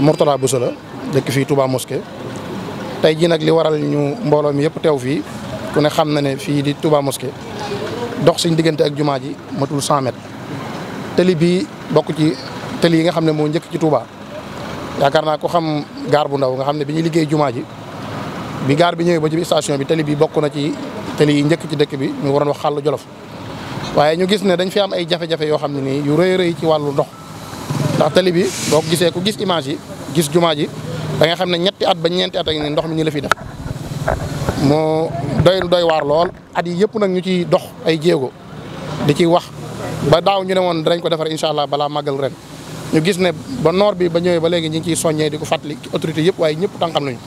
Mourtada Bousso la dëkk fii Touba moske tey jii nag li waral ñu mbooloo mi yëpp teew fii ku ne xam na ne fii di Touba moske dox suñ diggante ak jumaa ji matul 100 mètres tëli bii bokk ci tëli yi nga xam ne moo njëkk ci Touba yaakaar naa ko xam gaar bu ndaw nga xam ne bi ñuy liggéey jumaa ji bi gaar bi ñëwee ba ci station bi tëli bi bokk na ci tëli yi njëkk ci dëkk bi ñu waroon wax xàll Jolof waaye ñu gis ne dañ fi am ay jafe-jafe yoo xam ne nii yu rëy rëy ci wàllu ndox ndax tali bi boo gisee ku gis image yi gis jumaa ji da nga xam ne ñetti at ba ñeenti at ak ndox mi ñu la fi def mu doy doy waar lool at yi yëpp nag ñu ciy dox ay jéego di ci wax ba daaw ñu ne woon dinañ ko defar incha allah balaa màggal rek ñu gis ne ba noor bi ba ñëwee ba léegi ñu ngi ciy soññee di ko fàttali autorité yëpp waaye ñëpp tànkam nañu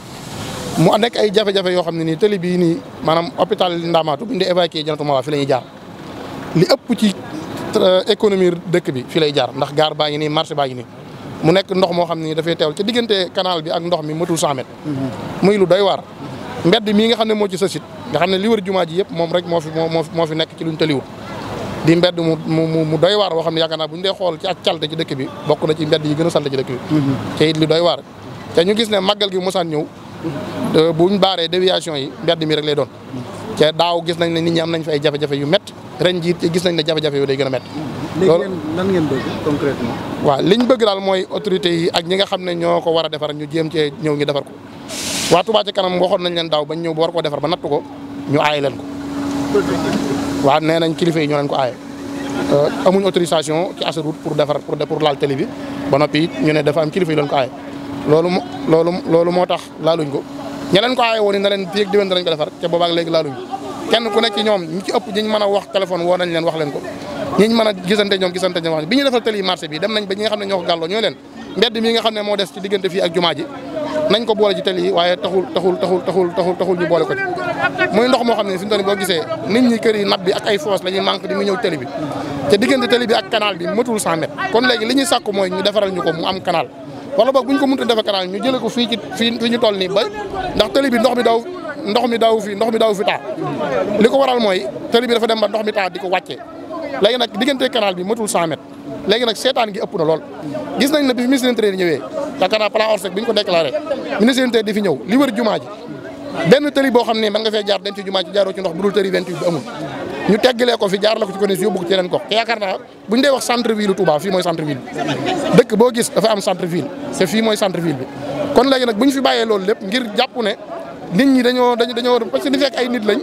mu nekk ay jafe-jafe yoo xam ne nii tëli bii nii maanaam hôpital Ndamatou bu ñu dee évacué janatu ma waa fi la ñuy jaar li ëpp ci Euh, économie dëkk bi fi lay jaar ndax gaar baa ngi nii marché baa ngi nii mu nekk ndox moo xam ni dafay teewal ci diggante canal bi ak ndox mi matul 100 mètres mhm. muy lu doy waar mbedd mii nga xam ne moo ci sësit nga xam ne li jumaa ji yëpp moom rek moo fi moo moo fi nekk ci luñ tëliwul di mbedd mu mu mu doy waar woo xam ne yaakaar bu ñu dee xool ci ak calte ci dëkk bi bokk na ci mbedd yi gën a salte ci dëkk bi mhm. te it lu doy waar te ñu gis ne màggal gi mosaan ñëw mhm. buñ baaree déviation yi mbedd mi rek lay doon ce daaw gis nañ ne nit ñi nañ fi ay jafe-jafe yu métti ren jii gis nañ ne jafe-jafe yu day gën a métti. loolu lan bëgg waaw li ñu bëgg daal mooy autorité yi ak ñi nga xam ne ñoo ko war a defar ñu jéem cee ñëw ñu defar ko waa Touba ci kanam waxoon nañ leen daaw bañ ñëw ba war koo defar ba natt ko ñu aaye leen ko. waa nee nañ kilifa yi ñoo leen ko aaye euh, amuñ autorisation ci Ageroute pour defar pour pour laal tali bi ba noppi ñu ne dafa am kilifa yi leen ko aaye loolu loolu loolu moo tax laaluñ ko. ña leen ko aaye woon na leen fii ak diwén ko defar te léegi laaluñu kenn ku nekk ñoom ñi ëpp ñiñ mën a wax téléphone woo nañ leen wax leen ko ñiñ mën a gisante ñoom gisante ñoom wax bi ñu defal tali marché bi dem nañ ba ñi nga xam ne ñoo ko gàlloo leen mbedd mi nga xam ne moo des ci diggante fii ak jumaa nañ ko boole ci tali yi waaye taxul taxul taxul taxul taxul taxul ñu boole ko ci muy ndox moo xam ne fi mu boo gisee nit ñi kër yi nab bi ak ay foos la ñuy manque di mu ñëw tali bi te diggante tali bi bi matul 100 kon léegi li ñuy sàkku mooy ñu defaral ko mu am canal wala boog bu ko mënut a defee canal ñu jëlee ko fii ci fii fi ñu toll nii ba ndax tëli bi ndox mi daw ndox fi ndox mi daw fi taa li ko waral mooy tëli bi dafa dem ba ndox mi taa di ko wàccee léegi nag diggante canal bi matul 100 mètres léegi nag seetaan gi ëpp na lool gis nañ ne bi fi ministre intérieur ñëwee yaakaar naa plan ORSEC bi ñu ko déclaré ministre intérieur di fi ñëw li wër jumaa ji benn tëli boo xam ne mën nga fee jaar dem ci jumaa ji jaaroo ci ndox bu dul tëli 28 bi ñu teggalee ko fi jaarale ko ci CONIS yóbbu ko ci yeneen gox te yaakaar naa bu ñu dee wax centre ville Touba fii mooy centre ville bi dëkk boo gis dafa am centre ville te fii mooy centre ville bi kon léegi nag bu ñu fi bàyyee loolu lépp ngir jàpp ne nit ñi dañoo dañoo dañoo parce que di fekk ay nit lañ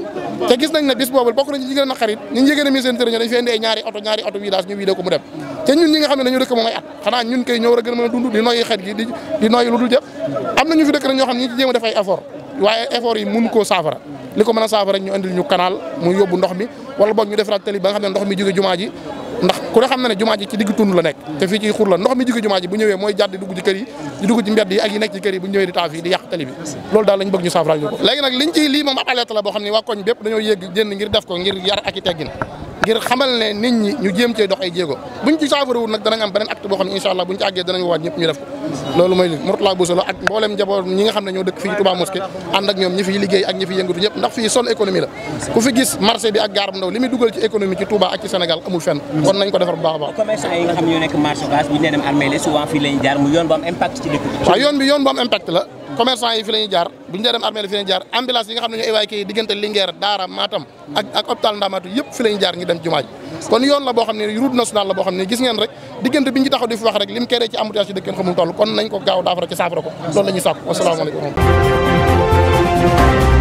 te gis nañ ne bis boobu bokk nañ ci jigéen xarit ñi ñu a mis ñu vidé xam ne dañu dëkk moom ay at xanaa ñun kay ñoo war a gën a mën di noyyi xet di di lu dul na ñu fi dëkk ñoo a def waaye effort yi mun ko saafara li ko mën a saafara ñu andil ñu canal mu yóbbu ndox mi wala boog ñu defaraat tali ba nga xam ne ndox mi jóge jumaa ji ndax ku ne xam na ne jumaa ji ci digg tund la nekk te fii ci xur la ndox mi jóge jumaa bu ñëwee mooy jàdd di dugg ci kër dugg ci mbedd yi ak nekk ci bu ñëwee di taaf yi di yàq tali loolu daal lañ bëgg ñu saafara ñu ko léegi nag liñ ci lii moom ab alerte boo xam ne waa koñ bépp dañoo yëgg jënd ngir def ko ngir yar ngir xamal ne nit ñi ñu jéem cee dox ay jéego buñ ci saafarawul nag danañ am beneen acte boo xam ne incha allah buñ ci àggee danañ waat ñu def loolu mooy li Mourtala Bousso la ak mbooleem njaboot ñi nga xam ne ñoo dëkk fii Touba économie la ku fi gis marché bi ak gaar bu ndaw li dugal ci économie ci Touba ak ci Sénégal amul fenn kon nañ ko defar bu baax baax commerçant yoon bi yoon bu am impact la commerçant yi fi lañuy jaar bu ñu dem armée la fi leen jaar ambulance yi nga xam ne ñoo évacué yi diggante Linguère Daara Matam ak hôpital Ndamatou yëpp fi lañ jaar dem jumaa kon yoon la boo xam ne route nationale la boo xam ne gis ngeen rek diggante bi ñu fi wax rek lim kéré ci embouteillage yi dëkk kenn xamul kon nañ ko gaaw daafara ci saafara ko loolu la ñuy sàkku wasalaamaaleykum